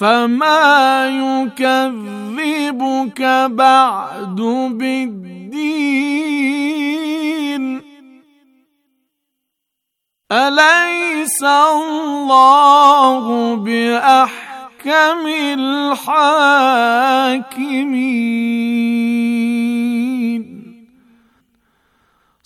فما يكذبك بعد بالدين اليس الله باحكم الحاكمين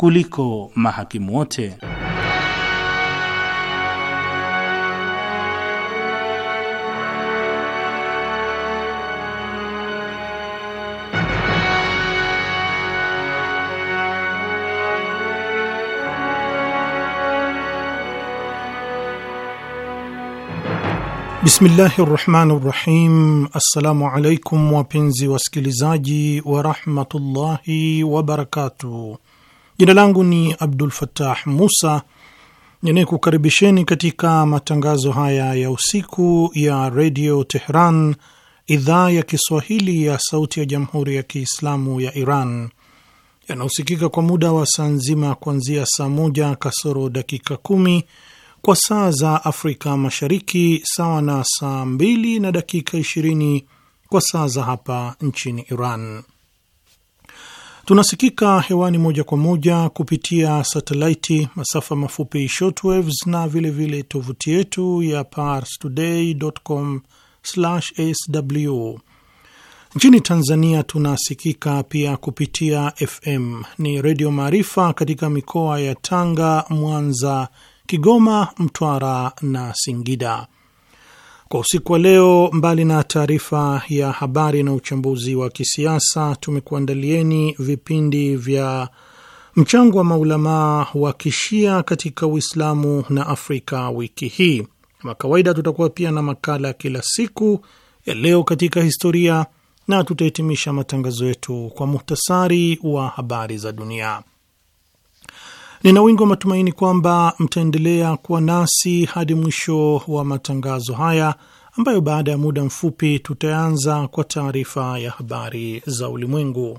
kuliko mahakimu wote. Bismillahi rahmani rahim. Assalamu alaikum wapenzi wasikilizaji warahmatullahi wabarakatuh. Jina langu ni Abdul fatah Musa, ninayekukaribisheni katika matangazo haya ya usiku ya Redio Tehran, idhaa ya Kiswahili ya sauti ya Jamhuri ya Kiislamu ya Iran, yanayosikika kwa muda wa saa nzima kuanzia saa moja kasoro dakika kumi kwa saa za Afrika Mashariki, sawa na saa mbili na dakika ishirini kwa saa za hapa nchini Iran. Tunasikika hewani moja kwa moja kupitia satelaiti, masafa mafupi shortwaves, na vilevile tovuti yetu ya parstoday.com/sw. Nchini Tanzania tunasikika pia kupitia FM ni Redio Maarifa katika mikoa ya Tanga, Mwanza, Kigoma, Mtwara na Singida. Kwa usiku wa leo, mbali na taarifa ya habari na uchambuzi wa kisiasa, tumekuandalieni vipindi vya mchango wa maulamaa wa kishia katika Uislamu na Afrika wiki hii. Kama kawaida, tutakuwa pia na makala ya kila siku ya leo katika historia na tutahitimisha matangazo yetu kwa muhtasari wa habari za dunia. Nina wingi wa matumaini kwamba mtaendelea kuwa nasi hadi mwisho wa matangazo haya ambayo baada ya muda mfupi tutaanza kwa taarifa ya habari za ulimwengu.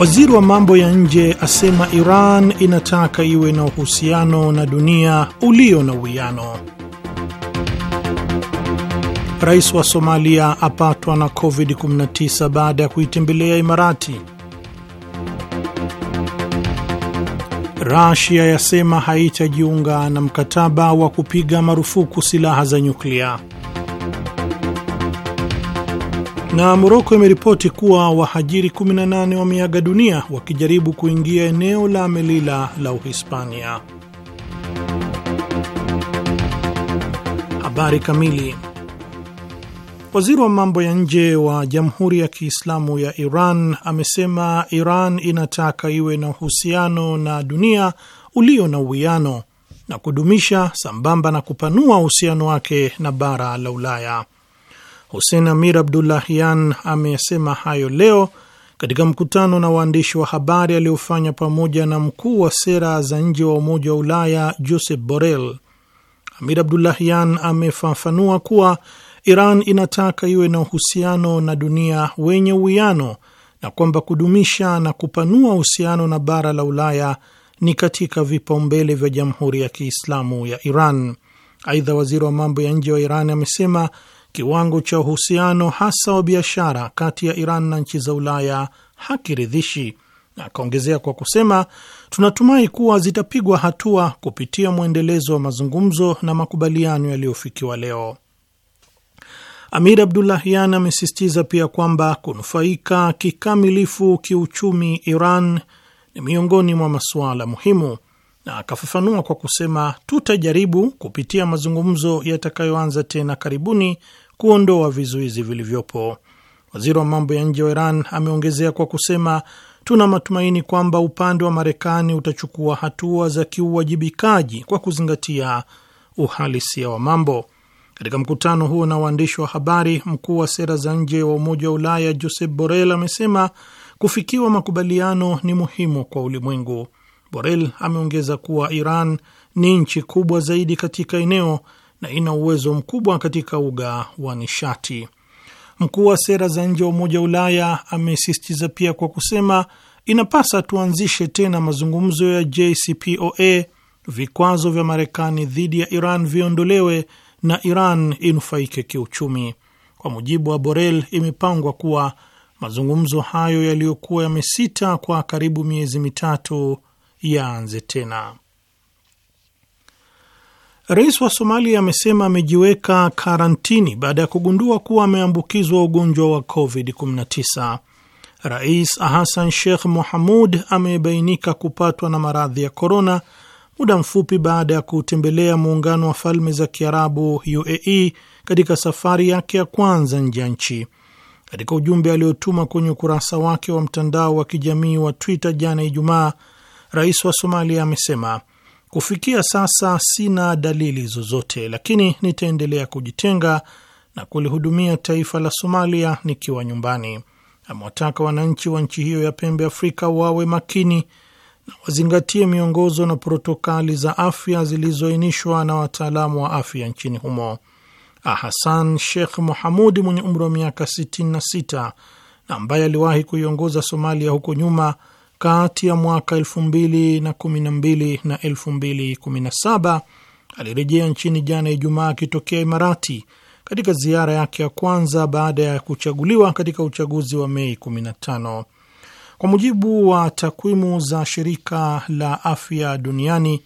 Waziri wa mambo ya nje asema Iran inataka iwe na uhusiano na dunia ulio na uwiano. Rais wa Somalia apatwa na COVID-19 baada ya kuitembelea Imarati. Rasia yasema haitajiunga na mkataba wa kupiga marufuku silaha za nyuklia. Na Moroko imeripoti kuwa wahajiri 18 wameaga dunia wakijaribu kuingia eneo la Melila la Uhispania. Habari kamili. Waziri wa mambo ya nje wa Jamhuri ya Kiislamu ya Iran amesema Iran inataka iwe na uhusiano na dunia ulio na uwiano na kudumisha sambamba na kupanua uhusiano wake na bara la Ulaya. Hussein Amir Abdullahian amesema hayo leo katika mkutano na waandishi wa habari aliofanya pamoja na mkuu wa sera za nje wa Umoja wa Ulaya Josep Borrell. Amir Abdullahian amefafanua kuwa Iran inataka iwe na uhusiano na dunia wenye uwiano na kwamba kudumisha na kupanua uhusiano na bara la Ulaya ni katika vipaumbele vya Jamhuri ya Kiislamu ya Iran. Aidha, waziri wa mambo ya nje wa Iran amesema kiwango cha uhusiano hasa wa biashara kati ya Iran na nchi za Ulaya hakiridhishi, na akaongezea kwa kusema, tunatumai kuwa zitapigwa hatua kupitia mwendelezo wa mazungumzo na makubaliano yaliyofikiwa leo. Amir yan amesisitiza pia kwamba kunufaika kikamilifu kiuchumi Iran ni miongoni mwa masuala muhimu na akafafanua kwa kusema, tutajaribu kupitia mazungumzo yatakayoanza tena karibuni kuondoa vizuizi vilivyopo. Waziri wa mambo ya nje wa Iran ameongezea kwa kusema, tuna matumaini kwamba upande wa Marekani utachukua hatua za kiuwajibikaji kwa kuzingatia uhalisia wa mambo. Katika mkutano huo na waandishi wa habari, mkuu wa sera za nje wa Umoja wa Ulaya Josep Borrell amesema kufikiwa makubaliano ni muhimu kwa ulimwengu. Borel ameongeza kuwa Iran ni nchi kubwa zaidi katika eneo na ina uwezo mkubwa katika uga wa nishati. Mkuu wa sera za nje wa Umoja wa Ulaya amesisitiza pia kwa kusema inapasa tuanzishe tena mazungumzo ya JCPOA, vikwazo vya Marekani dhidi ya Iran viondolewe na Iran inufaike kiuchumi. Kwa mujibu wa Borel, imepangwa kuwa mazungumzo hayo yaliyokuwa yamesita kwa karibu miezi mitatu yaanze tena. Rais wa Somalia amesema amejiweka karantini baada ya kugundua kuwa ameambukizwa ugonjwa wa COVID-19. Rais Hassan Sheikh Mohamud amebainika kupatwa na maradhi ya korona muda mfupi baada ya kutembelea Muungano wa Falme za Kiarabu, UAE, katika safari yake ya kwanza nje ya nchi. Katika ujumbe aliotuma kwenye ukurasa wake wa mtandao wa kijamii wa Twitter jana Ijumaa, rais wa Somalia amesema kufikia sasa sina dalili zozote, lakini nitaendelea kujitenga na kulihudumia taifa la Somalia nikiwa nyumbani. Amewataka wananchi wa nchi hiyo ya pembe Afrika wawe makini na wazingatie miongozo na protokali za afya zilizoainishwa na wataalamu wa afya nchini humo. Ahasan Sheikh Mohamud mwenye umri wa miaka 66 na ambaye aliwahi kuiongoza Somalia huko nyuma kati ya mwaka 2012 na 2017 alirejea nchini jana Ijumaa akitokea Imarati katika ziara yake ya kwanza baada ya kuchaguliwa katika uchaguzi wa Mei 15. Kwa mujibu wa takwimu za shirika la afya duniani,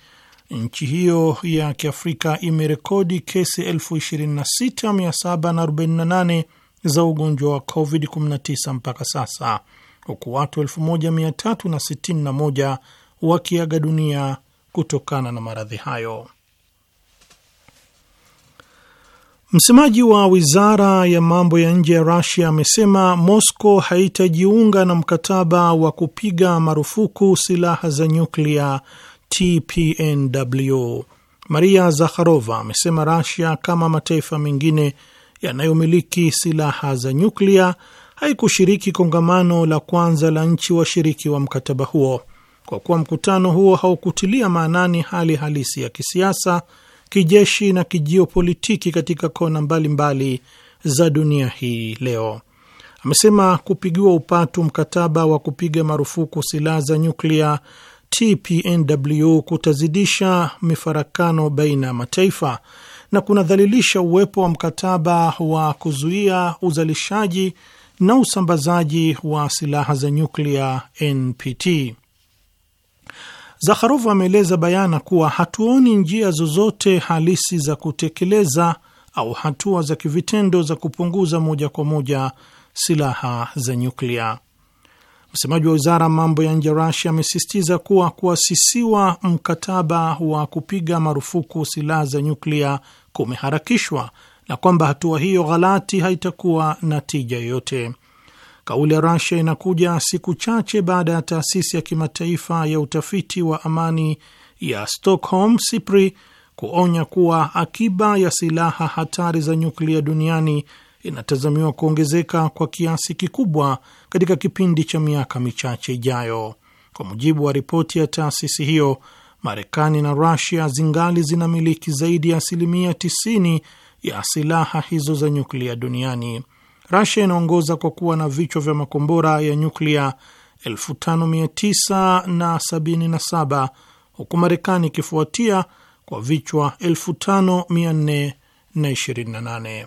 nchi hiyo ya Kiafrika imerekodi kesi 26748 za ugonjwa wa COVID-19 mpaka sasa huku watu 1361 wakiaga dunia kutokana na maradhi hayo. Msemaji wa wizara ya mambo ya nje ya Rusia amesema mosco haitajiunga na mkataba wa kupiga marufuku silaha za nyuklia TPNW. Maria Zakharova amesema Rusia, kama mataifa mengine yanayomiliki silaha za nyuklia, haikushiriki kongamano la kwanza la nchi washiriki wa mkataba huo kwa kuwa mkutano huo haukutilia maanani hali halisi ya kisiasa, kijeshi na kijiopolitiki katika kona mbalimbali mbali za dunia hii leo. Amesema kupigiwa upatu mkataba wa kupiga marufuku silaha za nyuklia TPNW kutazidisha mifarakano baina ya mataifa na kunadhalilisha uwepo wa mkataba wa kuzuia uzalishaji na usambazaji wa silaha za nyuklia NPT. Zakharov ameeleza bayana kuwa hatuoni njia zozote halisi za kutekeleza au hatua za kivitendo za kupunguza moja kwa moja silaha za nyuklia. Msemaji wa wizara mambo ya nje ya Rasia amesisitiza kuwa kuasisiwa mkataba wa kupiga marufuku silaha za nyuklia kumeharakishwa na kwamba hatua hiyo ghalati haitakuwa na tija yoyote. Kauli ya rasia inakuja siku chache baada ya taasisi ya kimataifa ya utafiti wa amani ya Stockholm SIPRI kuonya kuwa akiba ya silaha hatari za nyuklia duniani inatazamiwa kuongezeka kwa kiasi kikubwa katika kipindi cha miaka michache ijayo. Kwa mujibu wa ripoti ya taasisi hiyo, Marekani na rasia zingali zinamiliki zaidi ya asilimia 90 ya silaha hizo za nyuklia duniani. Rasia inaongoza kwa kuwa na vichwa vya makombora ya nyuklia 5977 huku Marekani ikifuatia kwa vichwa 5428.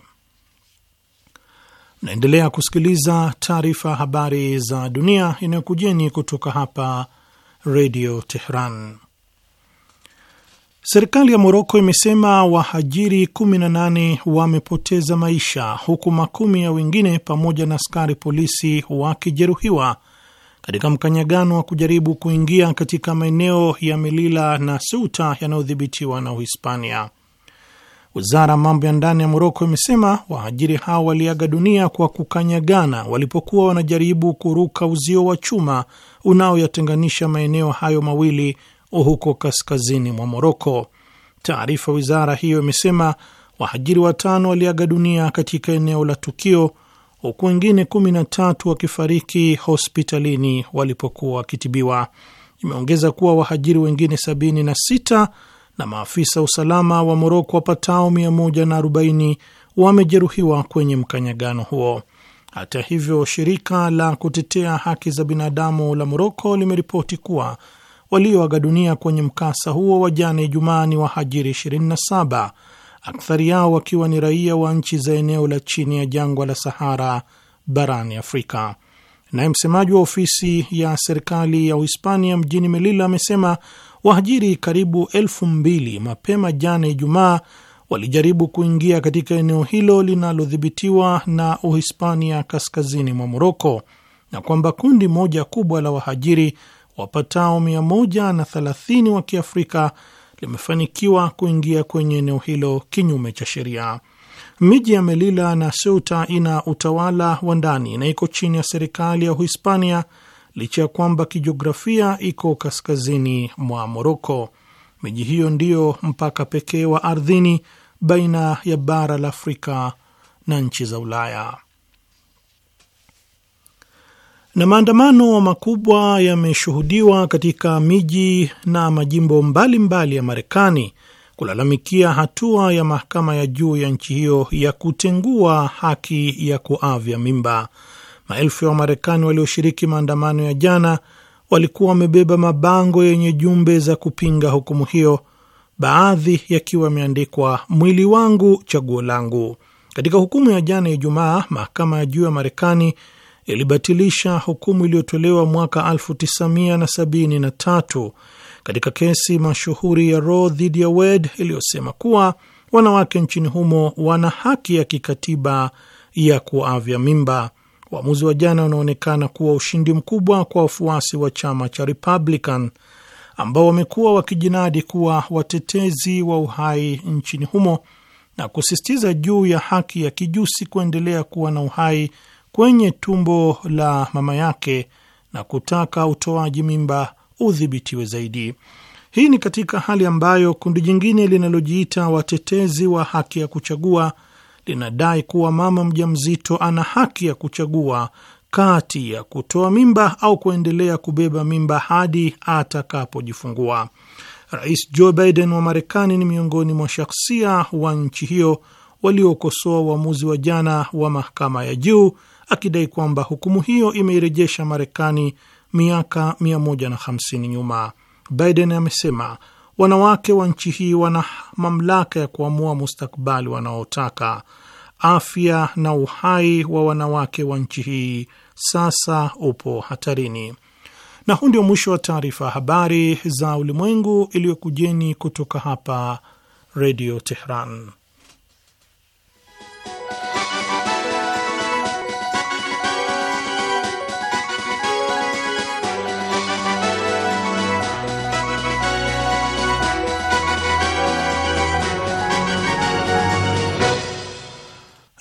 Naendelea kusikiliza taarifa habari za dunia inayokujeni kutoka hapa Redio Tehran. Serikali ya Moroko imesema wahajiri 18 wamepoteza maisha huku makumi ya wengine pamoja na askari polisi wakijeruhiwa katika mkanyagano wa kujaribu kuingia katika maeneo ya Melila na Ceuta yanayodhibitiwa na Uhispania. Wizara ya mambo ya ndani ya Moroko imesema wahajiri hao waliaga dunia kwa kukanyagana walipokuwa wanajaribu kuruka uzio wa chuma unaoyatenganisha maeneo hayo mawili huko kaskazini mwa Moroko. Taarifa wizara hiyo imesema wahajiri watano waliaga dunia katika eneo la tukio, huku wengine 13 wakifariki hospitalini walipokuwa wakitibiwa. Imeongeza kuwa wahajiri wengine 76 na maafisa usalama wa Moroko wapatao 140 wamejeruhiwa kwenye mkanyagano huo. Hata hivyo, shirika la kutetea haki za binadamu la Moroko limeripoti kuwa walioaga dunia kwenye mkasa huo wa jana Ijumaa ni wahajiri 27, akthari yao wakiwa ni raia wa nchi za eneo la chini ya jangwa la Sahara barani Afrika. Naye msemaji wa ofisi ya serikali ya Uhispania mjini melila amesema wahajiri karibu elfu mbili mapema jana Ijumaa walijaribu kuingia katika eneo hilo linalodhibitiwa na Uhispania kaskazini mwa Moroko na kwamba kundi moja kubwa la wahajiri wapatao 130 wa Kiafrika limefanikiwa kuingia kwenye eneo hilo kinyume cha sheria. Miji ya melila na Ceuta ina utawala wa ndani na iko chini ya serikali ya Uhispania licha ya kwamba kijiografia iko kaskazini mwa Moroko. Miji hiyo ndiyo mpaka pekee wa ardhini baina ya bara la Afrika na nchi za Ulaya na maandamano makubwa yameshuhudiwa katika miji na majimbo mbalimbali mbali ya Marekani kulalamikia hatua ya mahakama ya juu ya nchi hiyo ya kutengua haki ya kuavya mimba. Maelfu ya Wamarekani walioshiriki maandamano ya jana walikuwa wamebeba mabango yenye jumbe za kupinga hukumu hiyo, baadhi yakiwa yameandikwa mwili wangu chaguo langu. Katika hukumu ya jana ya Ijumaa, mahakama ya juu ya Marekani ilibatilisha hukumu iliyotolewa mwaka 1973 katika kesi mashuhuri ya Roe dhidi ya Wade iliyosema kuwa wanawake nchini humo wana haki ya kikatiba ya kuavya mimba. Uamuzi wa jana unaonekana kuwa ushindi mkubwa kwa wafuasi wa chama cha Republican ambao wamekuwa wakijinadi kuwa watetezi wa uhai nchini humo na kusisitiza juu ya haki ya kijusi kuendelea kuwa na uhai kwenye tumbo la mama yake na kutaka utoaji mimba udhibitiwe zaidi. Hii ni katika hali ambayo kundi jingine linalojiita watetezi wa haki ya kuchagua linadai kuwa mama mjamzito ana haki ya kuchagua kati ya kutoa mimba au kuendelea kubeba mimba hadi atakapojifungua. Rais Joe Biden wa Marekani ni miongoni mwa shaksia wa nchi hiyo waliokosoa uamuzi wa jana wa mahakama ya juu akidai kwamba hukumu hiyo imeirejesha Marekani miaka 150 nyuma. Biden amesema wanawake wa nchi hii wana mamlaka ya kuamua mustakbali wanaotaka. Afya na uhai wa wanawake wa nchi hii sasa upo hatarini. Na huu ndio mwisho wa taarifa ya habari za ulimwengu iliyokujeni kutoka hapa Redio Teheran.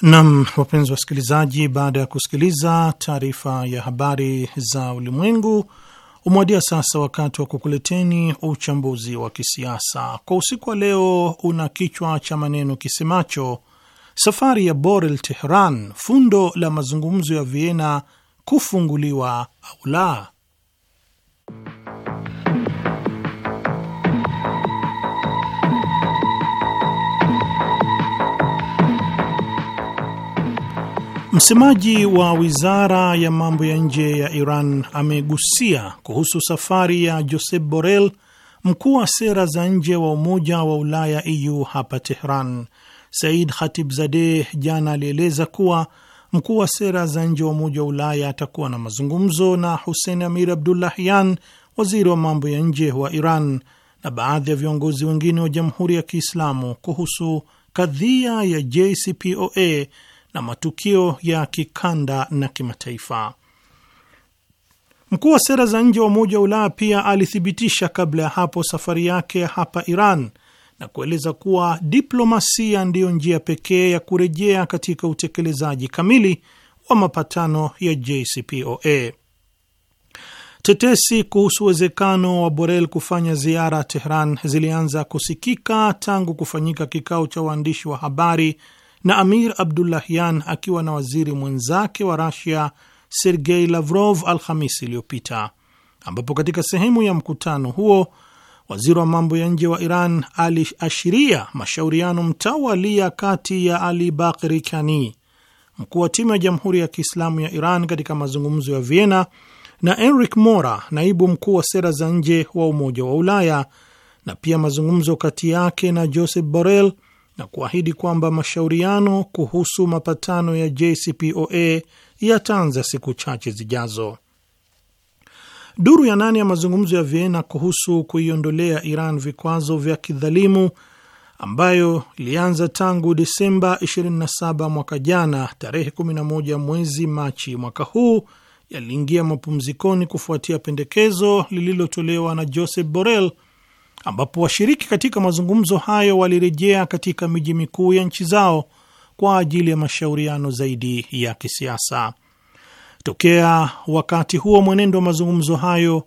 Nam, wapenzi wasikilizaji, baada ya kusikiliza taarifa ya habari za ulimwengu, umewadia sasa wakati wa kukuleteni uchambuzi wa kisiasa kwa usiku wa leo. Una kichwa cha maneno kisemacho safari ya Borel Tehran, fundo la mazungumzo ya Vienna kufunguliwa au la. Msemaji wa wizara ya mambo ya nje ya Iran amegusia kuhusu safari ya Josep Borrell, mkuu wa sera za nje wa Umoja wa Ulaya EU hapa Tehran. Said Khatibzadeh jana alieleza kuwa mkuu wa sera za nje wa Umoja wa Ulaya atakuwa na mazungumzo na Hussein Amir Abdullahian, waziri wa mambo ya nje wa Iran, na baadhi ya viongozi wengine wa Jamhuri ya Kiislamu kuhusu kadhia ya JCPOA na matukio ya kikanda na kimataifa. Mkuu wa sera za nje wa Umoja wa Ulaya pia alithibitisha kabla ya hapo safari yake hapa Iran na kueleza kuwa diplomasia ndiyo njia pekee ya kurejea katika utekelezaji kamili wa mapatano ya JCPOA. Tetesi kuhusu uwezekano wa Borel kufanya ziara Tehran zilianza kusikika tangu kufanyika kikao cha waandishi wa habari na Amir Abdullahyan akiwa na waziri mwenzake wa Rasia Sergei Lavrov Alhamisi iliyopita, ambapo katika sehemu ya mkutano huo waziri wa mambo ya nje wa Iran aliashiria mashauriano mtawalia kati ya Ali Bakri Kani, mkuu wa timu ya Jamhuri ya Kiislamu ya Iran katika mazungumzo ya Vienna, na Enric Mora, naibu mkuu wa sera za nje wa Umoja wa Ulaya, na pia mazungumzo kati yake na Joseph Borrell na kuahidi kwamba mashauriano kuhusu mapatano ya JCPOA yataanza siku chache zijazo. Duru ya nane ya mazungumzo ya Vienna kuhusu kuiondolea Iran vikwazo vya kidhalimu ambayo ilianza tangu Disemba 27 mwaka jana, tarehe 11 mwezi Machi mwaka huu yaliingia mapumzikoni kufuatia pendekezo lililotolewa na Joseph Borrell, ambapo washiriki katika mazungumzo hayo walirejea katika miji mikuu ya nchi zao kwa ajili ya mashauriano zaidi ya kisiasa. Tokea wakati huo, mwenendo wa mazungumzo hayo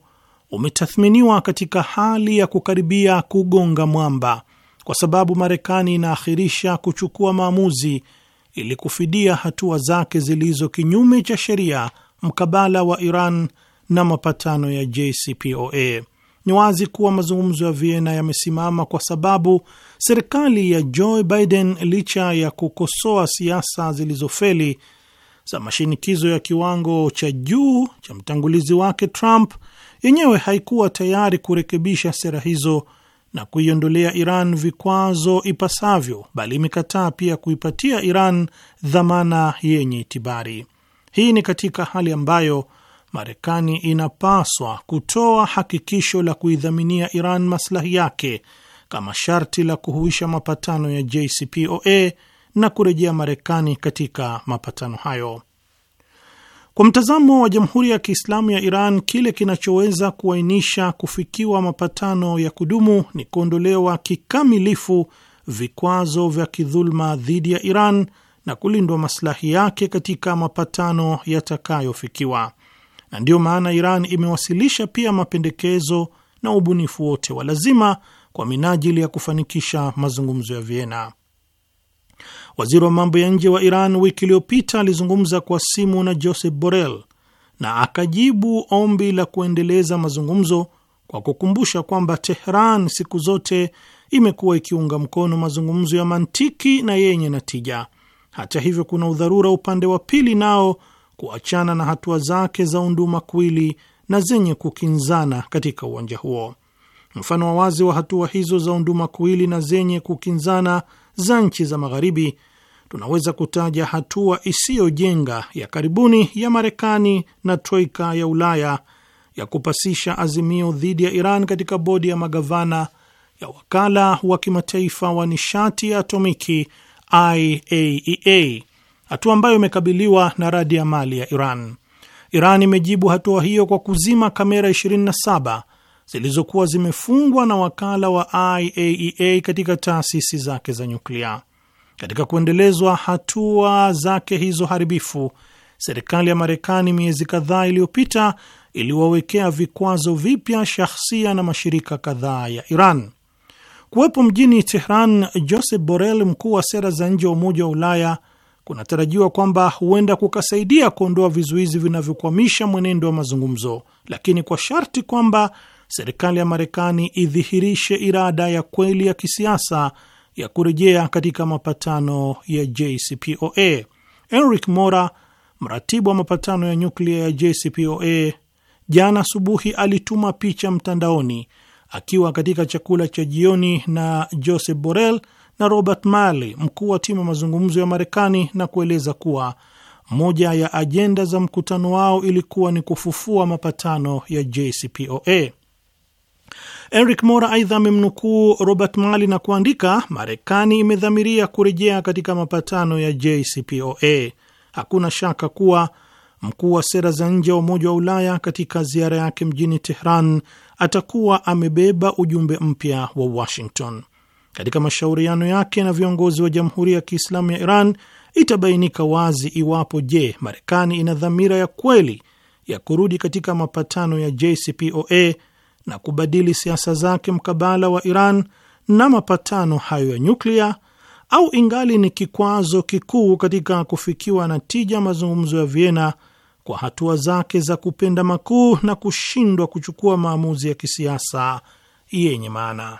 umetathminiwa katika hali ya kukaribia kugonga mwamba, kwa sababu Marekani inaakhirisha kuchukua maamuzi ili kufidia hatua zake zilizo kinyume cha sheria mkabala wa Iran na mapatano ya JCPOA. Ni wazi kuwa mazungumzo ya Vienna yamesimama kwa sababu serikali ya Joe Biden, licha ya kukosoa siasa zilizofeli za mashinikizo ya kiwango cha juu cha mtangulizi wake Trump, yenyewe haikuwa tayari kurekebisha sera hizo na kuiondolea Iran vikwazo ipasavyo, bali imekataa pia kuipatia Iran dhamana yenye itibari. Hii ni katika hali ambayo Marekani inapaswa kutoa hakikisho la kuidhaminia Iran maslahi yake kama sharti la kuhuisha mapatano ya JCPOA na kurejea Marekani katika mapatano hayo. Kwa mtazamo wa Jamhuri ya Kiislamu ya Iran, kile kinachoweza kuainisha kufikiwa mapatano ya kudumu ni kuondolewa kikamilifu vikwazo vya kidhuluma dhidi ya Iran na kulindwa maslahi yake katika mapatano yatakayofikiwa na ndiyo maana Iran imewasilisha pia mapendekezo na ubunifu wote wa lazima kwa minajili ya kufanikisha mazungumzo ya Vienna. Waziri wa mambo ya nje wa Iran wiki iliyopita alizungumza kwa simu na Joseph Borrell na akajibu ombi la kuendeleza mazungumzo kwa kukumbusha kwamba Tehran siku zote imekuwa ikiunga mkono mazungumzo ya mantiki na yenye natija. Hata hivyo, kuna udharura upande wa pili nao kuachana na hatua zake za undumakuwili na zenye kukinzana katika uwanja huo. Mfano wa wazi wa hatua hizo za undumakuwili na zenye kukinzana za nchi za Magharibi tunaweza kutaja hatua isiyojenga ya karibuni ya Marekani na troika ya Ulaya ya kupasisha azimio dhidi ya Iran katika bodi ya magavana ya wakala wa kimataifa wa nishati ya atomiki IAEA e hatua ambayo imekabiliwa na radi ya mali ya Iran. Iran imejibu hatua hiyo kwa kuzima kamera 27 zilizokuwa zimefungwa na wakala wa IAEA e katika taasisi zake za nyuklia. Katika kuendelezwa hatua zake hizo haribifu, serikali ya Marekani miezi kadhaa iliyopita iliwawekea vikwazo vipya shahsia na mashirika kadhaa ya Iran. Kuwepo mjini Tehran Joseph Borrell, mkuu wa sera za nje wa Umoja wa Ulaya, kunatarajiwa kwamba huenda kukasaidia kuondoa vizuizi vinavyokwamisha mwenendo wa mazungumzo, lakini kwa sharti kwamba serikali ya Marekani idhihirishe irada ya kweli ya kisiasa ya kurejea katika mapatano ya JCPOA. Enric Mora, mratibu wa mapatano ya nyuklia ya JCPOA, jana asubuhi alituma picha mtandaoni akiwa katika chakula cha jioni na joseph Borrell, na Robert Malley, mkuu wa timu ya mazungumzo ya Marekani, na kueleza kuwa moja ya ajenda za mkutano wao ilikuwa ni kufufua mapatano ya JCPOA. Enric Mora aidha amemnukuu Robert Malley na kuandika, Marekani imedhamiria kurejea katika mapatano ya JCPOA. Hakuna shaka kuwa mkuu wa sera za nje wa Umoja wa Ulaya katika ziara yake mjini Tehran atakuwa amebeba ujumbe mpya wa Washington katika mashauriano yake na viongozi wa Jamhuri ya Kiislamu ya Iran itabainika wazi iwapo je, Marekani ina dhamira ya kweli ya kurudi katika mapatano ya JCPOA na kubadili siasa zake mkabala wa Iran na mapatano hayo ya nyuklia au ingali ni kikwazo kikuu katika kufikiwa na tija mazungumzo ya Vienna kwa hatua zake za kupenda makuu na kushindwa kuchukua maamuzi ya kisiasa yenye maana.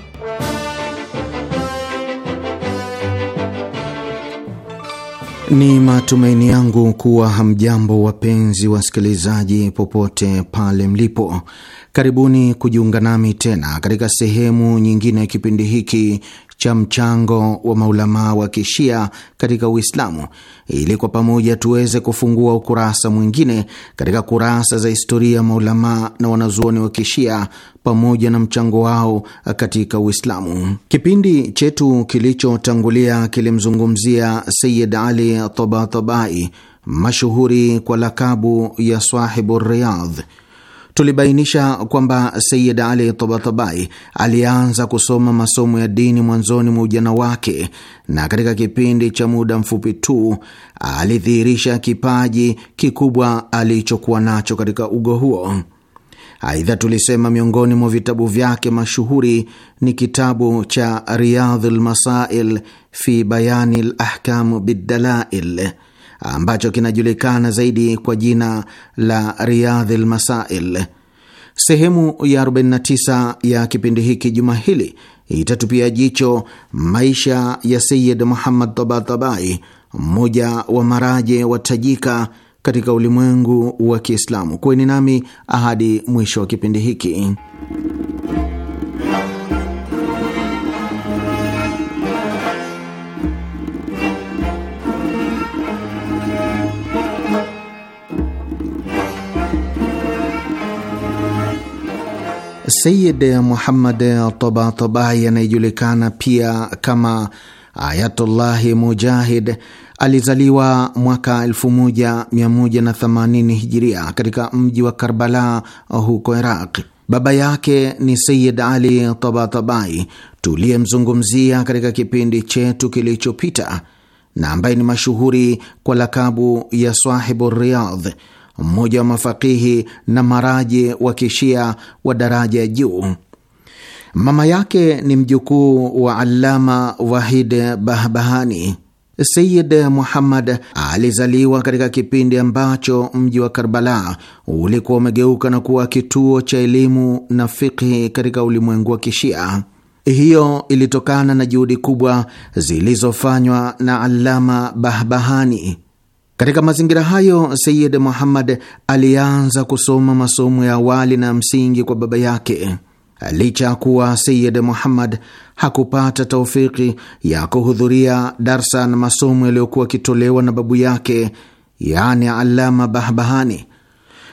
Ni matumaini yangu kuwa hamjambo, wapenzi wasikilizaji, popote pale mlipo, Karibuni kujiunga nami tena katika sehemu nyingine ya kipindi hiki cha mchango wa maulamaa wa kishia katika Uislamu ili kwa pamoja tuweze kufungua ukurasa mwingine katika kurasa za historia ya maulamaa na wanazuoni wa kishia pamoja na mchango wao katika Uislamu. Kipindi chetu kilichotangulia kilimzungumzia Sayid Ali Tabatabai, mashuhuri kwa lakabu ya Sahibu Riyadh Tulibainisha kwamba Sayid Ali Tabatabai alianza kusoma masomo ya dini mwanzoni mwa ujana wake, na katika kipindi cha muda mfupi tu alidhihirisha kipaji kikubwa alichokuwa nacho katika ugo huo. Aidha, tulisema miongoni mwa vitabu vyake mashuhuri ni kitabu cha Riyadhul Masail fi Bayani Lahkamu Bidalail ambacho kinajulikana zaidi kwa jina la Riadhi Lmasail. Sehemu ya 49 ya kipindi hiki juma hili itatupia jicho maisha ya Sayid Muhammad Tabatabai, mmoja wa maraje watajika katika ulimwengu wa Kiislamu. Kuweni nami ahadi mwisho wa kipindi hiki. Sayid Muhammad Tabatabai anayejulikana pia kama Ayatullahi Mujahid alizaliwa mwaka 1180 hijiria katika mji wa Karbala huko Iraq. Baba yake ni Sayid Ali Tabatabai tuliyemzungumzia katika kipindi chetu kilichopita na ambaye ni mashuhuri kwa lakabu ya Sahibu Riyadh mmoja wa mafakihi na maraji wa kishia wa daraja ya juu. Mama yake ni mjukuu wa Allama Wahid Bahbahani. Sayid Muhammad alizaliwa katika kipindi ambacho mji wa Karbala ulikuwa umegeuka na kuwa kituo cha elimu na fikhi katika ulimwengu wa Kishia. Hiyo ilitokana na juhudi kubwa zilizofanywa na Allama Bahbahani katika mazingira hayo, Sayid Muhammad alianza kusoma masomo ya awali na msingi kwa baba yake. Licha ya kuwa Sayid Muhammad hakupata taufiki ya kuhudhuria darsa na masomo yaliyokuwa akitolewa na babu yake, yaani Alama Bahbahani,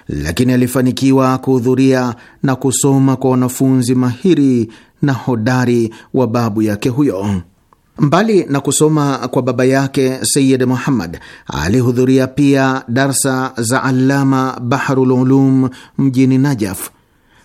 lakini alifanikiwa kuhudhuria na kusoma kwa wanafunzi mahiri na hodari wa babu yake huyo. Mbali na kusoma kwa baba yake Sayid Muhammad, alihudhuria pia darsa za Allama Baharul Ulum mjini Najaf,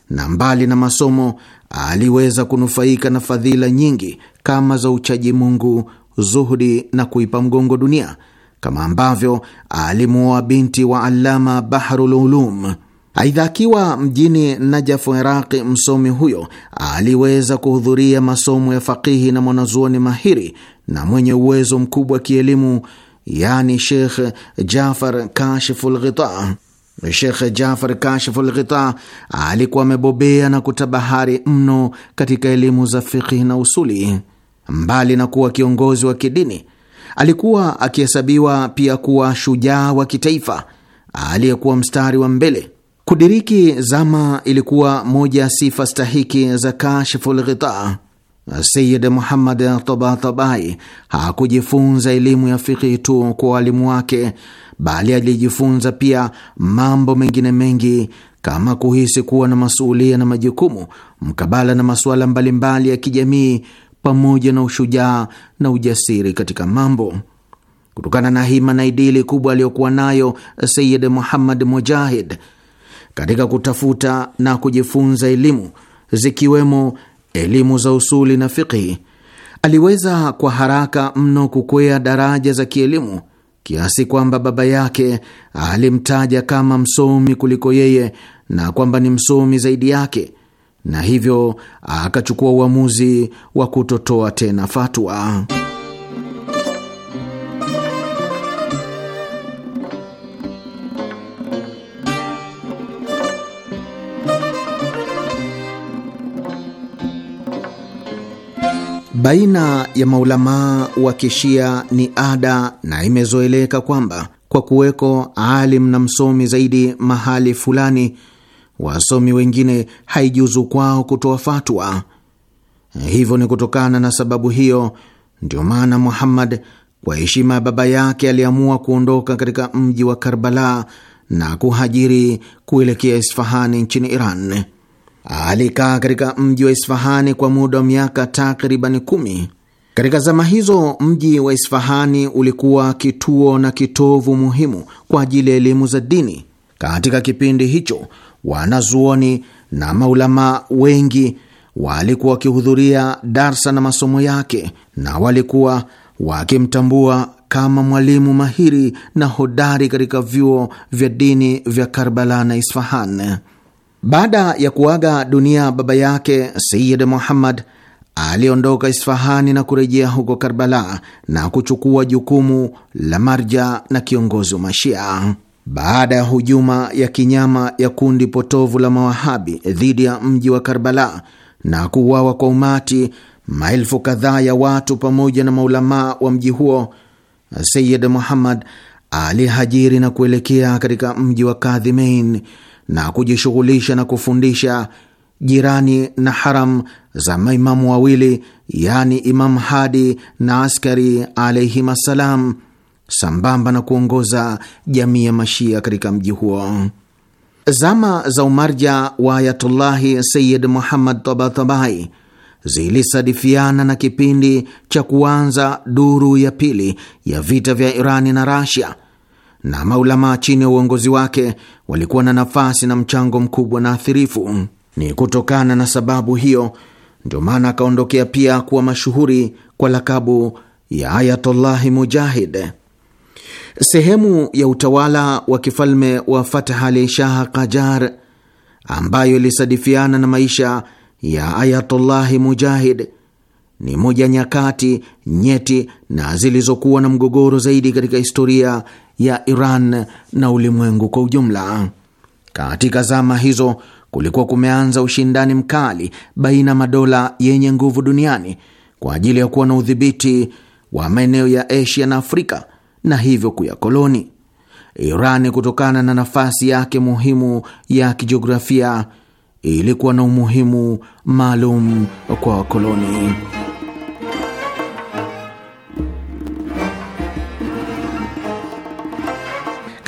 na mbali na masomo aliweza kunufaika na fadhila nyingi kama za uchaji Mungu, zuhudi na kuipa mgongo dunia, kama ambavyo alimuoa binti wa Allama Baharul Ulum. Aidha, akiwa mjini Najafu, Iraqi, msomi huyo aliweza kuhudhuria masomo ya fakihi na mwanazuoni mahiri na mwenye uwezo mkubwa wa kielimu, yani Shekh Jafar Kashiful Ghita. Shekh Jafar Kashiful Ghita alikuwa amebobea na kutabahari mno katika elimu za fikhi na usuli. Mbali na kuwa kiongozi wa kidini, alikuwa akihesabiwa pia kuwa shujaa wa kitaifa aliyekuwa mstari wa mbele Kudiriki zama ilikuwa moja ya sifa stahiki za kashfulghita Ghita. Sayid Muhammad Tabatabai hakujifunza elimu ya fikhi tu kwa walimu wake, bali alijifunza pia mambo mengine mengi kama kuhisi kuwa na masuulia na majukumu mkabala na masuala mbalimbali ya kijamii, pamoja na ushujaa na ujasiri katika mambo. Kutokana na hima na idili kubwa aliyokuwa nayo Sayid Muhammad Mujahid katika kutafuta na kujifunza elimu zikiwemo elimu za usuli na fiqhi. Aliweza kwa haraka mno kukwea daraja za kielimu kiasi kwamba baba yake alimtaja kama msomi kuliko yeye na kwamba ni msomi zaidi yake, na hivyo akachukua uamuzi wa kutotoa tena fatwa. baina ya maulamaa wa kishia ni ada na imezoeleka kwamba kwa kuweko alim na msomi zaidi mahali fulani, wasomi wengine haijuzu kwao kutoa fatwa. Hivyo ni kutokana na sababu hiyo ndio maana Muhammad kwa heshima ya baba yake aliamua kuondoka katika mji wa Karbala na kuhajiri kuelekea Isfahani nchini Iran alikaa katika mji wa Isfahani kwa muda wa miaka takribani kumi. Katika zama hizo mji wa Isfahani ulikuwa kituo na kitovu muhimu kwa ajili ya elimu za dini. Katika kipindi hicho, wanazuoni na maulama wengi walikuwa wakihudhuria darsa na masomo yake na walikuwa wakimtambua kama mwalimu mahiri na hodari katika vyuo vya dini vya Karbala na Isfahan. Baada ya kuaga dunia baba yake, Sayid Muhammad aliondoka Isfahani na kurejea huko Karbala na kuchukua jukumu la marja na kiongozi wa Mashia. Baada ya hujuma ya kinyama ya kundi potovu la Mawahabi dhidi ya mji wa Karbala na kuuawa kwa umati maelfu kadhaa ya watu pamoja na maulamaa wa mji huo, Sayid Muhammad alihajiri na kuelekea katika mji wa Kadhimain na kujishughulisha na kufundisha jirani na haram za maimamu wawili, yani Imamu Hadi na Askari alaihim assalam, sambamba na kuongoza jamii ya Mashia katika mji huo. Zama za umarja wa Ayatullahi Sayid Muhammad Tabatabai zilisadifiana na kipindi cha kuanza duru ya pili ya vita vya Irani na Rasia na maulamaa chini ya uongozi wake walikuwa na nafasi na mchango mkubwa na athirifu. Ni kutokana na sababu hiyo ndio maana akaondokea pia kuwa mashuhuri kwa lakabu ya Ayatullahi Mujahid. Sehemu ya utawala wa kifalme wa Fatah Ali Shah Kajar, ambayo ilisadifiana na maisha ya Ayatullahi Mujahid ni moja nyakati nyeti na zilizokuwa na mgogoro zaidi katika historia ya Iran na ulimwengu kwa ujumla. Katika zama hizo kulikuwa kumeanza ushindani mkali baina madola yenye nguvu duniani kwa ajili ya kuwa na udhibiti wa maeneo ya Asia na Afrika na hivyo kuyakoloni. Irani, kutokana na nafasi yake muhimu ya kijiografia, ilikuwa na umuhimu maalum kwa wakoloni.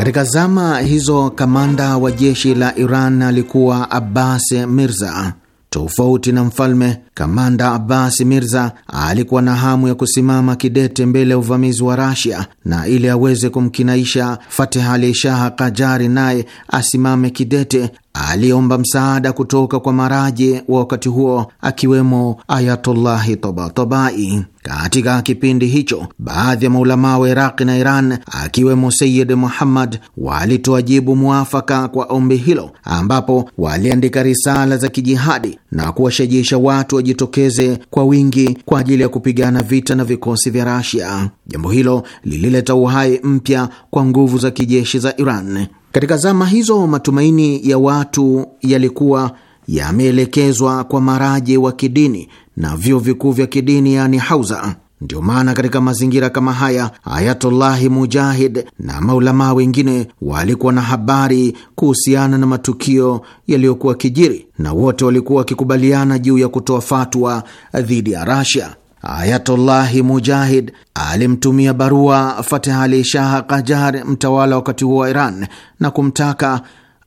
Katika zama hizo kamanda wa jeshi la Iran alikuwa Abbas Mirza. Tofauti na mfalme, kamanda Abbas Mirza alikuwa na hamu ya kusimama kidete mbele ya uvamizi wa Rasia, na ili aweze kumkinaisha Fatih Ali Shah Kajari naye asimame kidete, aliomba msaada kutoka kwa maraje wa wakati huo akiwemo Ayatullahi Tabatabai. Katika kipindi hicho baadhi ya maulamaa wa Iraqi na Iran akiwemo Sayid Muhammad walitoa jibu mwafaka kwa ombi hilo, ambapo waliandika risala za kijihadi na kuwashajisha watu wajitokeze kwa wingi kwa ajili ya kupigana vita na vikosi vya Rasia. Jambo hilo lilileta uhai mpya kwa nguvu za kijeshi za Iran. Katika zama hizo matumaini ya watu yalikuwa yameelekezwa kwa maraje wa kidini na vyuo vikuu vya kidini, yani hauza. ndio maana katika mazingira kama haya Ayatullahi Mujahid na maulamaa wengine walikuwa na habari kuhusiana na matukio yaliyokuwa kijiri, na wote walikuwa wakikubaliana juu ya kutoa fatwa dhidi ya Rasia. Ayatullahi Mujahid alimtumia barua Fatih Ali Shah Kajar, mtawala wakati huo wa Iran, na kumtaka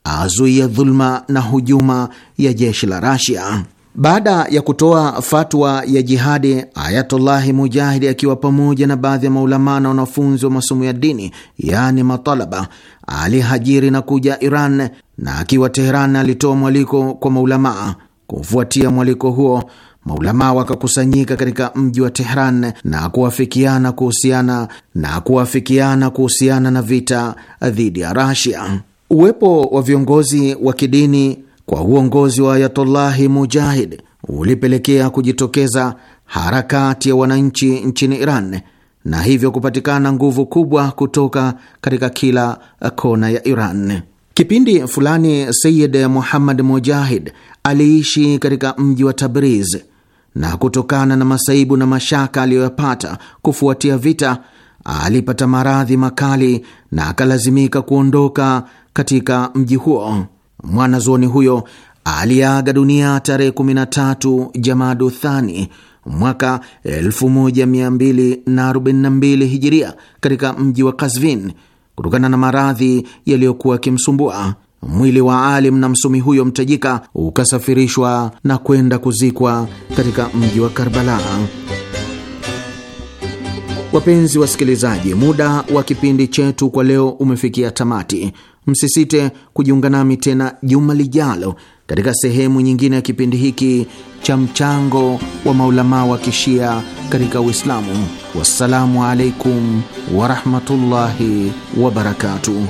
azuia dhuluma na hujuma ya jeshi la Rasia. Baada ya kutoa fatwa ya jihadi, Ayatullahi Mujahidi akiwa pamoja na baadhi ya maulamaa na wanafunzi wa masomo ya dini, yaani matalaba, alihajiri na kuja Iran, na akiwa Teheran alitoa mwaliko kwa maulamaa. Kufuatia mwaliko huo maulamaa wakakusanyika katika mji wa Tehran na kuafikiana kuhusiana na kuafikiana kuhusiana na vita dhidi ya Rasia. Uwepo wa viongozi wa kidini kwa uongozi wa Ayatollahi Mujahid ulipelekea kujitokeza harakati ya wananchi nchini Iran na hivyo kupatikana nguvu kubwa kutoka katika kila kona ya Iran. Kipindi fulani Sayid Muhammad Mujahid aliishi katika mji wa Tabriz na kutokana na masaibu na mashaka aliyoyapata kufuatia vita, alipata maradhi makali na akalazimika kuondoka katika mji huo. Mwanazuoni huyo aliaga dunia tarehe 13 Jamadu Thani mwaka 1242 hijiria katika mji wa Kasvin kutokana na maradhi yaliyokuwa akimsumbua. Mwili wa alim na msomi huyo mtajika ukasafirishwa na kwenda kuzikwa katika mji wa Karbala. Wapenzi wasikilizaji, muda wa kipindi chetu kwa leo umefikia tamati. Msisite kujiunga nami tena juma lijalo katika sehemu nyingine ya kipindi hiki cha mchango wa maulamaa wa kishia katika Uislamu. Wassalamu alaikum warahmatullahi wabarakatuh.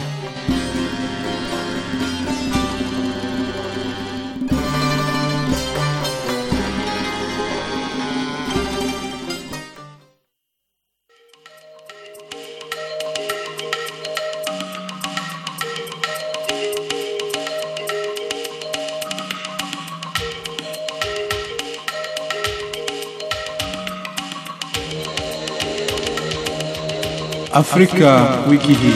Afrika, wiki hii.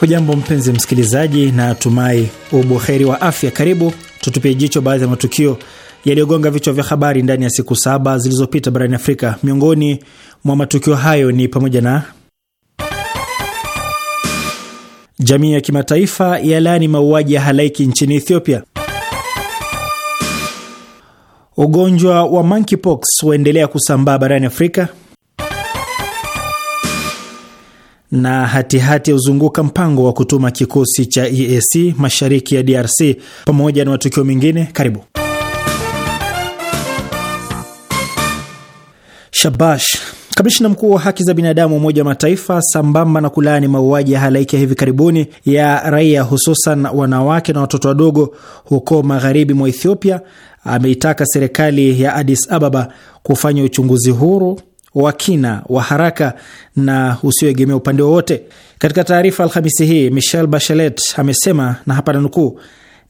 Hujambo mpenzi msikilizaji, na tumai ubuheri wa afya. Karibu tutupie jicho baadhi ya matukio yaliyogonga vichwa vya habari ndani ya siku saba zilizopita barani Afrika. Miongoni mwa matukio hayo ni pamoja na jamii ya kimataifa yalaani mauaji ya halaiki nchini Ethiopia, Ugonjwa wa monkeypox waendelea kusambaa barani Afrika na hatihati ya uzunguka mpango wa kutuma kikosi cha EAC mashariki ya DRC pamoja na matukio mengine. Karibu. Shabash. kamishina mkuu wa haki za binadamu wa Umoja wa Mataifa sambamba na kulaani mauaji ya halaiki ya hivi karibuni ya raia hususan wanawake na watoto wadogo huko magharibi mwa Ethiopia ameitaka serikali ya Addis Ababa kufanya uchunguzi huru wa kina wa haraka na usioegemea upande wowote. Katika taarifa Alhamisi hii, Michelle Bachelet amesema na hapa nanukuu,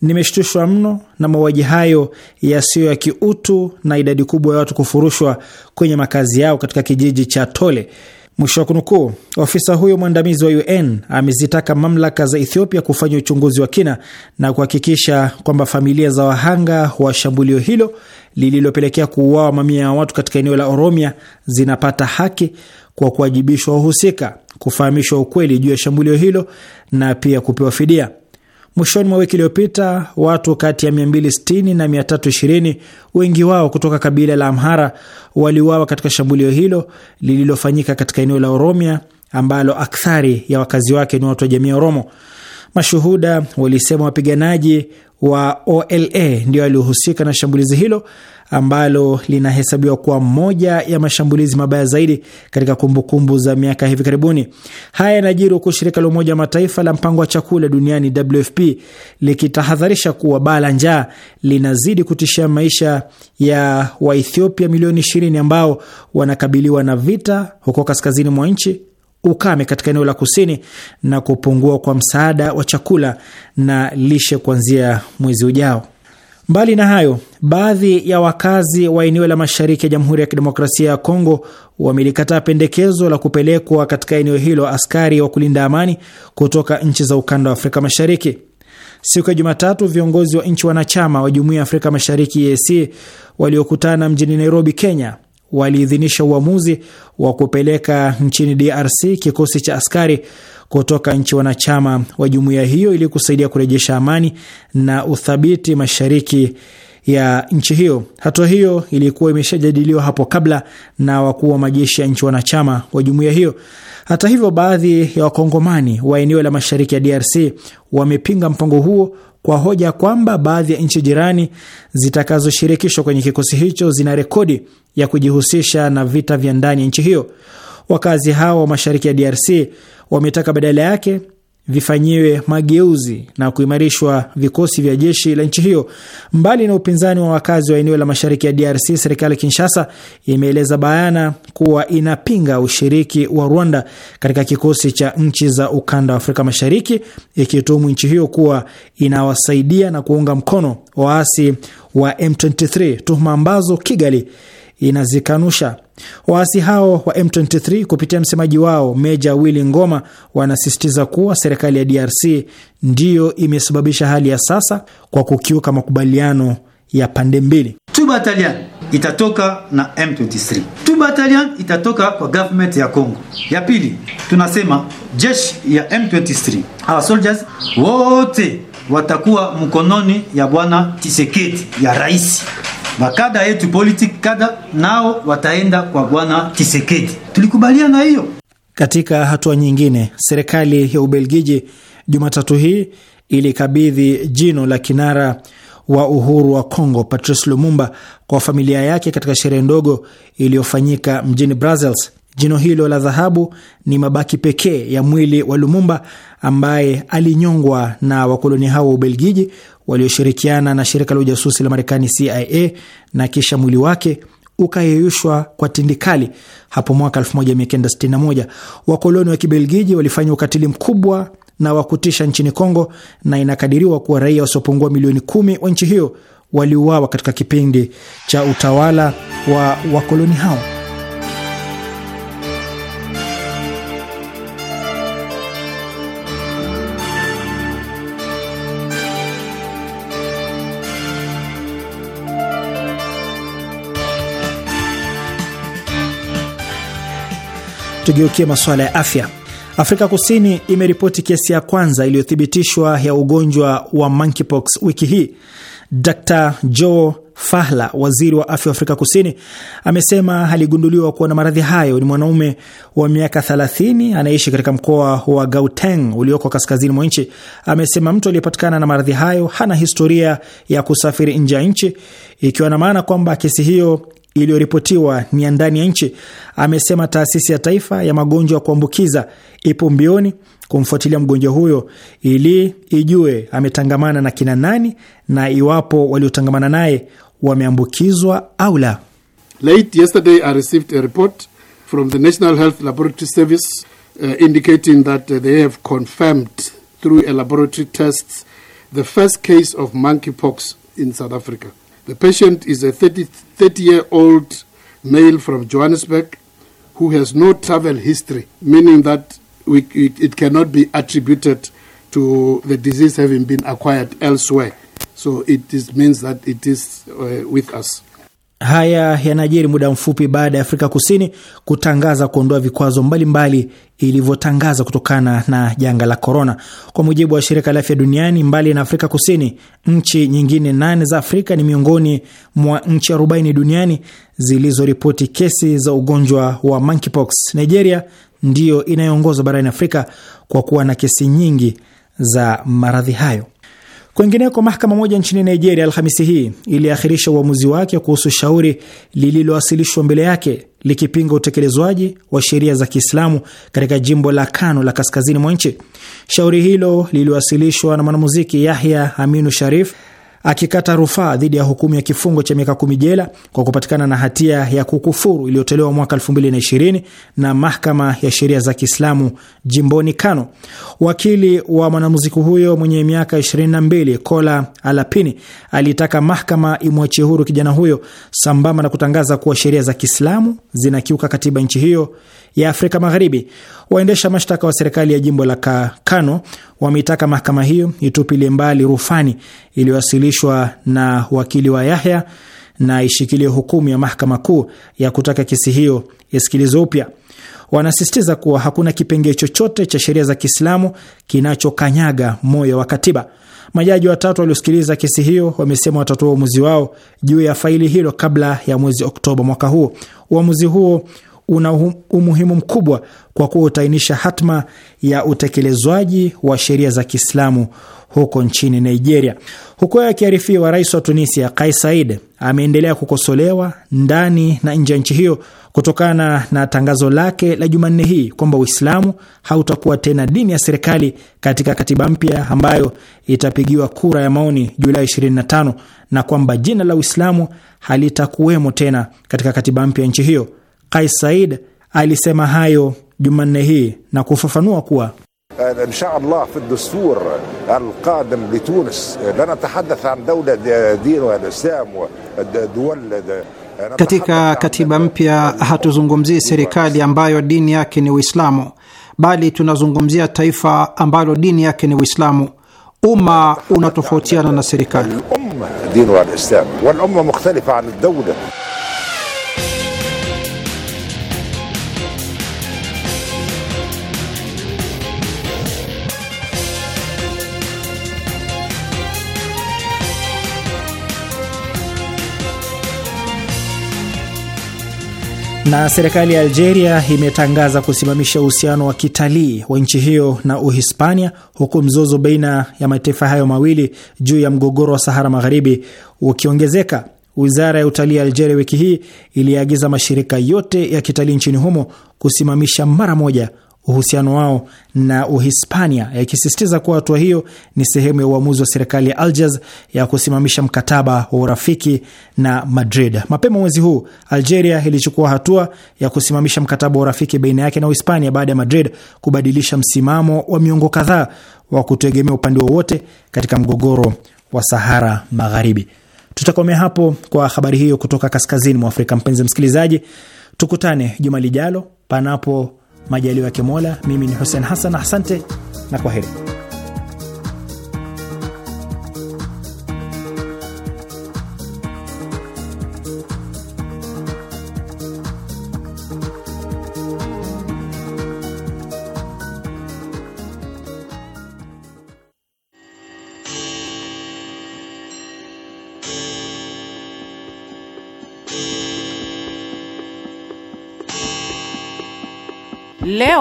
nimeshtushwa mno na mauaji hayo yasiyo ya kiutu na idadi kubwa ya watu kufurushwa kwenye makazi yao katika kijiji cha Tole Mwisho wa kunukuu. Ofisa huyo mwandamizi wa UN amezitaka mamlaka za Ethiopia kufanya uchunguzi wa kina na kuhakikisha kwamba familia za wahanga wa shambulio hilo lililopelekea kuuawa mamia ya watu katika eneo la Oromia zinapata haki kwa kuwajibishwa wahusika, kufahamishwa ukweli juu ya shambulio hilo na pia kupewa fidia. Mwishoni mwa wiki iliyopita watu kati ya 260 na 320, wengi wao kutoka kabila la Amhara, waliuawa katika shambulio hilo lililofanyika katika eneo la Oromia ambalo akthari ya wakazi wake ni watu wa jamii ya Oromo. Mashuhuda walisema wapiganaji wa OLA ndio waliohusika na shambulizi hilo ambalo linahesabiwa kuwa moja ya mashambulizi mabaya zaidi katika kumbukumbu za miaka hivi karibuni. Haya yanajiri huku shirika la Umoja wa Mataifa la mpango wa chakula duniani WFP likitahadharisha kuwa baa la njaa linazidi kutishia maisha ya Waethiopia milioni 20 ambao wanakabiliwa na vita huko kaskazini mwa nchi ukame katika eneo la kusini na kupungua kwa msaada wa chakula na lishe kuanzia mwezi ujao. Mbali na hayo, baadhi ya wakazi wa eneo la mashariki ya Jamhuri ya Kidemokrasia ya Kongo wamelikataa pendekezo la kupelekwa katika eneo hilo askari wa kulinda amani kutoka nchi za ukanda wa Afrika Mashariki. Siku ya Jumatatu, viongozi wa nchi wanachama wa Jumuiya ya Afrika Mashariki EAC waliokutana mjini Nairobi, Kenya waliidhinisha uamuzi wa kupeleka nchini DRC kikosi cha askari kutoka nchi wanachama wa jumuiya hiyo ili kusaidia kurejesha amani na uthabiti mashariki ya nchi hiyo. Hatua hiyo ilikuwa imeshajadiliwa hapo kabla na wakuu wa majeshi ya nchi wanachama wa jumuiya hiyo. Hata hivyo, baadhi ya Wakongomani wa eneo la mashariki ya DRC wamepinga mpango huo kwa hoja kwamba baadhi ya nchi jirani zitakazoshirikishwa kwenye kikosi hicho zina rekodi ya kujihusisha na vita vya ndani ya nchi hiyo. Wakazi hao wa mashariki ya DRC wametaka badala yake vifanyiwe mageuzi na kuimarishwa vikosi vya jeshi la nchi hiyo. Mbali na upinzani wa wakazi wa eneo la mashariki ya DRC, serikali ya Kinshasa imeeleza bayana kuwa inapinga ushiriki wa Rwanda katika kikosi cha nchi za ukanda wa Afrika Mashariki, ikituhumu nchi hiyo kuwa inawasaidia na kuunga mkono waasi wa M23, tuhuma ambazo Kigali inazikanusha. Waasi hao wa M23 kupitia msemaji wao Meja Willy Ngoma wanasisitiza kuwa serikali ya DRC ndiyo imesababisha hali ya sasa kwa kukiuka makubaliano ya pande mbili. Two battalion itatoka na M23, two battalion itatoka kwa government ya Congo. Ya pili tunasema jeshi ya M23, our soldiers wote watakuwa mkononi ya bwana Tshisekedi ya rais wakada yetu politiki kada nao wataenda kwa bwana Tshisekedi. Tulikubaliana hiyo. Katika hatua nyingine, serikali ya Ubelgiji Jumatatu hii ilikabidhi jino la kinara wa uhuru wa Kongo Patrice Lumumba kwa familia yake katika sherehe ndogo iliyofanyika mjini Brussels Jino hilo la dhahabu ni mabaki pekee ya mwili wa Lumumba ambaye alinyongwa na wakoloni hao wa Ubelgiji walioshirikiana na shirika la ujasusi la Marekani CIA na kisha mwili wake ukayeyushwa kwa tindikali hapo mwaka 1961. Wakoloni wa Kibelgiji walifanya ukatili mkubwa na wa kutisha nchini Kongo na inakadiriwa kuwa raia wasiopungua milioni kumi wa nchi hiyo waliuawa katika kipindi cha utawala wa wakoloni hao. Tugeukie masuala ya afya. Afrika Kusini imeripoti kesi ya kwanza iliyothibitishwa ya ugonjwa wa monkeypox wiki hii. Dr Joe Fahla, waziri wa afya wa Afrika Kusini, amesema aligunduliwa kuwa na maradhi hayo ni mwanaume wa miaka 30 anayeishi katika mkoa wa Gauteng ulioko kaskazini mwa nchi. Amesema mtu aliyepatikana na maradhi hayo hana historia ya kusafiri nje ya nchi, ikiwa na maana kwamba kesi hiyo iliyoripotiwa ni ya ndani ya nchi, amesema taasisi ya taifa ya magonjwa ya kuambukiza ipo mbioni kumfuatilia mgonjwa huyo ili ijue ametangamana na kina nani na iwapo waliotangamana naye wameambukizwa au la. Late yesterday I received a report from the National Health Laboratory Service uh, indicating that uh, they have confirmed through a laboratory test the first case of monkeypox in South Africa. The patient is a 30, year old male from Johannesburg who has no travel history, meaning that we, it, it, cannot be attributed to the disease having been acquired elsewhere. So it is, means that it is uh, with us. Haya yanajiri muda mfupi baada ya Afrika Kusini kutangaza kuondoa vikwazo mbalimbali ilivyotangaza kutokana na janga la korona. Kwa mujibu wa shirika la afya duniani, mbali na Afrika Kusini, nchi nyingine nane za Afrika ni miongoni mwa nchi 40 duniani zilizoripoti kesi za ugonjwa wa monkeypox. Nigeria ndiyo inayoongozwa barani Afrika kwa kuwa na kesi nyingi za maradhi hayo. Kwingineko, mahakama moja nchini Nigeria Alhamisi hii iliakhirisha uamuzi wake kuhusu shauri lililowasilishwa mbele yake likipinga utekelezwaji wa sheria za Kiislamu katika jimbo la Kano la kaskazini mwa nchi. Shauri hilo liliwasilishwa na mwanamuziki Yahya Aminu Sharif akikata rufaa dhidi ya hukumu ya kifungo cha miaka kumi jela kwa kupatikana na hatia ya kukufuru iliyotolewa mwaka mbili na mahakama ya sheria za Kiislamu jimboni Kano. Wakili wa mwanamuziki huyo mwenye miaka mbili Kola Alapini alitaka mahakama imwachie huru kijana huyo sambamba na kutangaza kuwa sheria za Kiislamu zinakiuka katiba nchi hiyo ya Afrika Magharibi. Waendesha mashtaka wa serikali ya jimbo la Kano wameitaka mahakama hiyo itupilie mbali rufani iliyowasilishwa na wakili wa Yahya na ishikilie hukumu ya mahakama kuu ya kutaka kesi hiyo isikilizwe upya. Wanasisitiza kuwa hakuna kipengee chochote cha sheria za Kiislamu kinachokanyaga moyo wa katiba. Majaji watatu waliosikiliza kesi hiyo wamesema watatoa uamuzi wao juu ya faili hilo kabla ya mwezi Oktoba mwaka huu. Uamuzi huo una umuhimu mkubwa kwa kuwa utainisha hatma ya utekelezwaji wa sheria za Kiislamu huko nchini Nigeria. Huku hayo akiarifiwa, rais wa Tunisia Kais Said ameendelea kukosolewa ndani na nje ya nchi hiyo kutokana na tangazo lake la Jumanne hii kwamba Uislamu hautakuwa tena dini ya serikali katika katiba mpya ambayo itapigiwa kura ya maoni Julai 25 na kwamba jina la Uislamu halitakuwemo tena katika katiba mpya ya nchi hiyo. Kais Said alisema hayo Jumanne hii na kufafanua kuwa insha allah fi alqadim la natahadath an dawla din katika katiba mpya hatuzungumzii serikali ambayo dini yake ni Uislamu, bali tunazungumzia taifa ambalo dini yake ni Uislamu. Umma unatofautiana na serikali. Na serikali ya Algeria imetangaza kusimamisha uhusiano wa kitalii wa nchi hiyo na Uhispania, huku mzozo baina ya mataifa hayo mawili juu ya mgogoro wa Sahara Magharibi ukiongezeka. Wizara ya utalii ya Algeria wiki hii iliagiza mashirika yote ya kitalii nchini humo kusimamisha mara moja uhusiano wao na Uhispania, yakisisitiza kuwa hatua hiyo ni sehemu ya uamuzi wa serikali ya Algiers ya kusimamisha mkataba wa urafiki na Madrid. Mapema mwezi huu, Algeria ilichukua hatua ya kusimamisha mkataba wa urafiki baina yake na Uhispania baada ya Madrid kubadilisha msimamo wa miongo kadhaa wa kutegemea upande wowote katika mgogoro wa Sahara Magharibi. Tutakomea hapo kwa habari hiyo kutoka kaskazini mwa Afrika. Mpenzi msikilizaji, tukutane juma lijalo, panapo majaliwa ya Mola. Mimi ni Hussein Hassan, asante na kwa heri.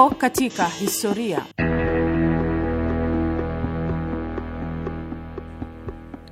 Leo katika historia.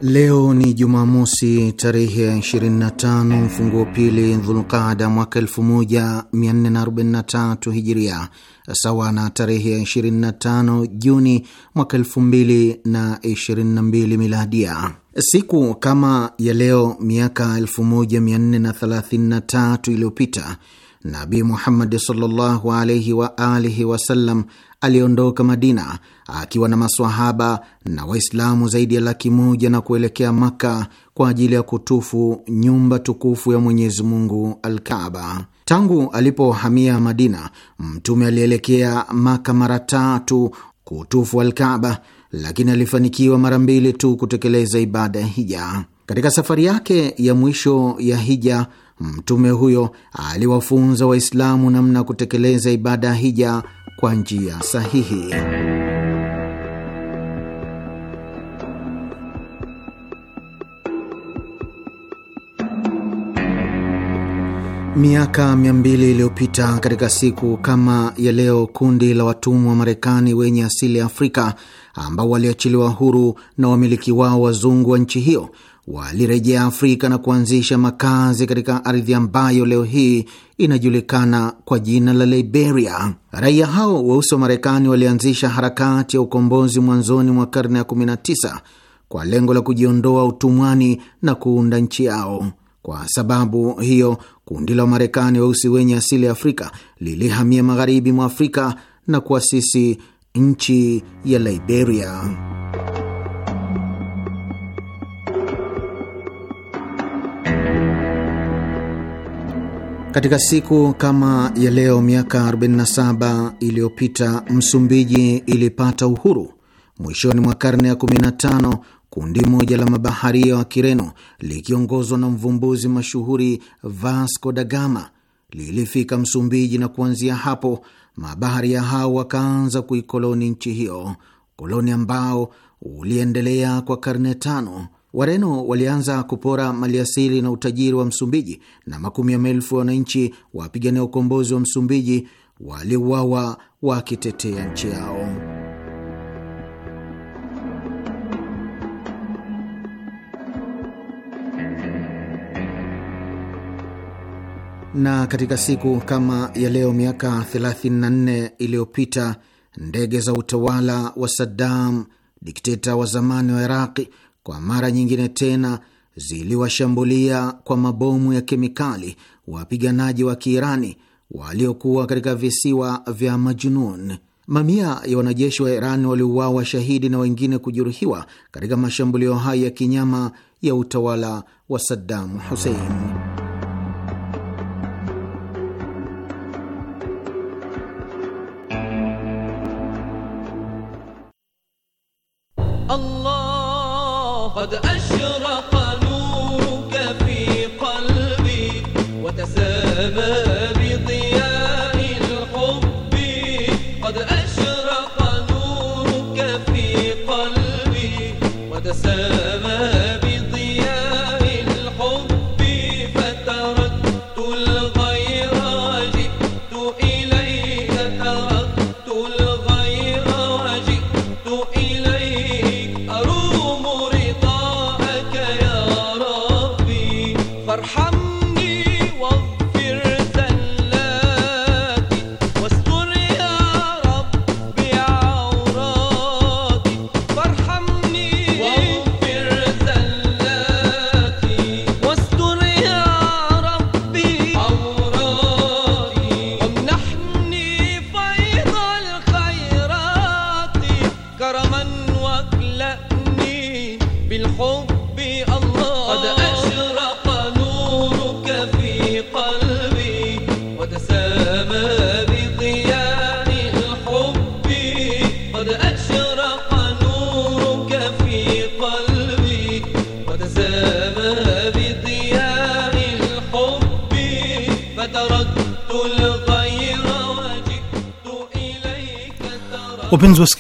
Leo ni Jumamosi tarehe ya 25 mfunguo pili Dhulqada mwaka 1443 Hijiria, sawa na tarehe ya 25 Juni mwaka 2022 Miladia. Siku kama ya leo miaka 1433 iliyopita Nabi Muhammadi sallallahu alaihi wa alihi wasallam aliondoka Madina akiwa na maswahaba na Waislamu zaidi ya laki moja na kuelekea Maka kwa ajili ya kutufu nyumba tukufu ya Mwenyezi Mungu, Tangu alipohamia Madina, Mtume alielekea Maka mara tatu kutufu alkaba lakini alifanikiwa mara mbili tu kutekeleza ibada ya hija. Katika safari yake ya mwisho ya hija Mtume huyo aliwafunza Waislamu namna kutekeleza ibada ya hija kwa njia sahihi. Miaka mia mbili iliyopita katika siku kama ya leo, kundi la watumwa wa Marekani wenye asili ya Afrika ambao waliachiliwa huru na wamiliki wao wazungu wa nchi hiyo walirejea Afrika na kuanzisha makazi katika ardhi ambayo leo hii inajulikana kwa jina la Liberia. Raia hao weusi wa Marekani walianzisha harakati ya ukombozi mwanzoni mwa karne ya 19 kwa lengo la kujiondoa utumwani na kuunda nchi yao. Kwa sababu hiyo, kundi la Wamarekani weusi wenye asili ya Afrika lilihamia magharibi mwa Afrika na kuasisi nchi ya Liberia. Katika siku kama ya leo miaka 47 iliyopita Msumbiji ilipata uhuru. Mwishoni mwa karne ya 15 kundi moja la mabaharia wa Kireno likiongozwa na mvumbuzi mashuhuri Vasco da Gama lilifika Msumbiji, na kuanzia hapo mabaharia hao wakaanza kuikoloni nchi hiyo, koloni ambao uliendelea kwa karne tano. Wareno walianza kupora maliasili na utajiri wa Msumbiji, na makumi ya maelfu ya wananchi wapigania ukombozi wa Msumbiji waliuawa wakitetea nchi yao. na katika siku kama ya leo miaka 34 iliyopita ndege za utawala wa Saddam, dikteta wa zamani wa Iraqi, kwa mara nyingine tena ziliwashambulia kwa mabomu ya kemikali wapiganaji wa Kiirani waliokuwa katika visiwa vya Majunun. Mamia ya wanajeshi wa Iran waliuawa shahidi na wengine kujeruhiwa katika mashambulio hayo ya kinyama ya utawala wa Saddam Hussein.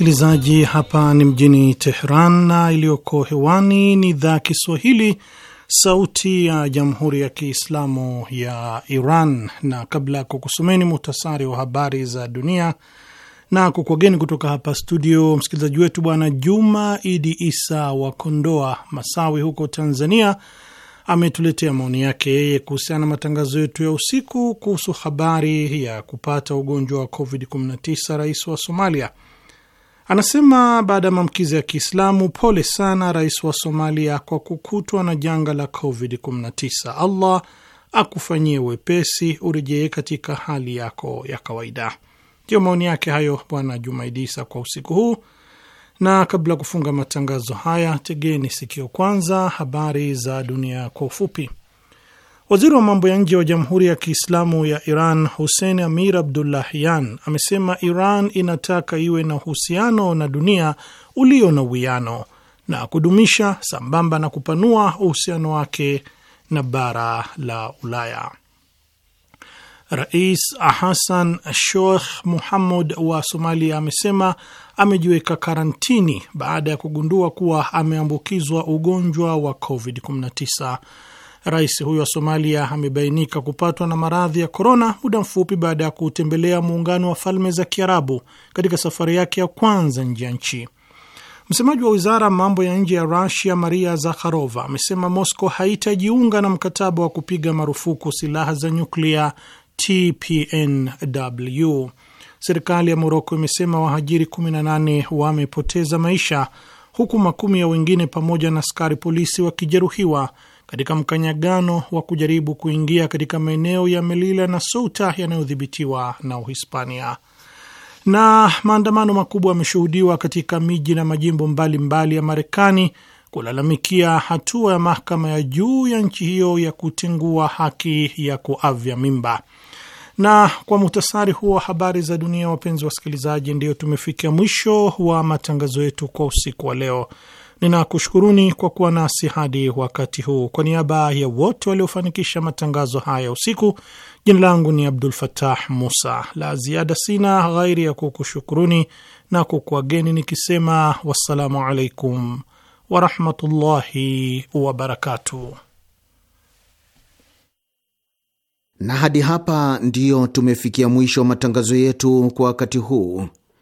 msikilizaji, hapa ni mjini Teheran na iliyoko hewani ni idhaa Kiswahili sauti ya jamhuri ya Kiislamu ya Iran. Na kabla ya kukusomeni muhtasari wa habari za dunia na kukwageni kutoka hapa studio, msikilizaji wetu Bwana Juma Idi Isa wa Kondoa Masawi huko Tanzania ametuletea maoni yake yeye kuhusiana na matangazo yetu ya usiku kuhusu habari ya kupata ugonjwa wa COVID-19 rais wa Somalia Anasema baada ya maamkizi ya Kiislamu, pole sana rais wa Somalia kwa kukutwa na janga la COVID-19. Allah akufanyie wepesi, urejee katika hali yako ya kawaida. Ndiyo maoni yake hayo Bwana Jumaidi Isa kwa usiku huu, na kabla ya kufunga matangazo haya, tegeni sikio kwanza habari za dunia kwa ufupi. Waziri wa mambo ya nje wa Jamhuri ya Kiislamu ya Iran Hussein Amir Abdullahian amesema Iran inataka iwe na uhusiano na dunia ulio na uwiano na kudumisha sambamba na kupanua uhusiano wake na bara la Ulaya. Rais Hassan Sheikh muhamud wa Somalia amesema amejiweka karantini baada ya kugundua kuwa ameambukizwa ugonjwa wa COVID-19. Rais huyo wa Somalia amebainika kupatwa na maradhi ya korona muda mfupi baada ya kuutembelea Muungano wa Falme za Kiarabu katika safari yake ya kwanza nje ya nchi. Msemaji wa wizara mambo ya nje ya Rusia, Maria Zakharova, amesema Moscow haitajiunga na mkataba wa kupiga marufuku silaha za nyuklia TPNW. Serikali ya Moroko imesema wahajiri 18 wamepoteza maisha huku makumi ya wengine pamoja na askari polisi wakijeruhiwa katika mkanyagano wa kujaribu kuingia katika maeneo ya Melila na souta yanayodhibitiwa na Uhispania na maandamano makubwa yameshuhudiwa katika miji na majimbo mbalimbali mbali ya Marekani kulalamikia hatua ya mahakama ya juu ya nchi hiyo ya kutengua haki ya kuavya mimba. Na kwa muhtasari huo habari za dunia, wapenzi wasikilizaji, ndiyo tumefikia mwisho wa matangazo yetu kwa usiku wa leo. Ninakushukuruni kwa kuwa nasi hadi wakati huu. Kwa niaba ya wote waliofanikisha matangazo haya usiku, jina langu ni Abdul Fatah Musa. La ziada sina ghairi ya kukushukuruni na kukuageni nikisema wassalamu alaikum warahmatullahi wabarakatuh. Na hadi hapa ndiyo tumefikia mwisho wa matangazo yetu kwa wakati huu.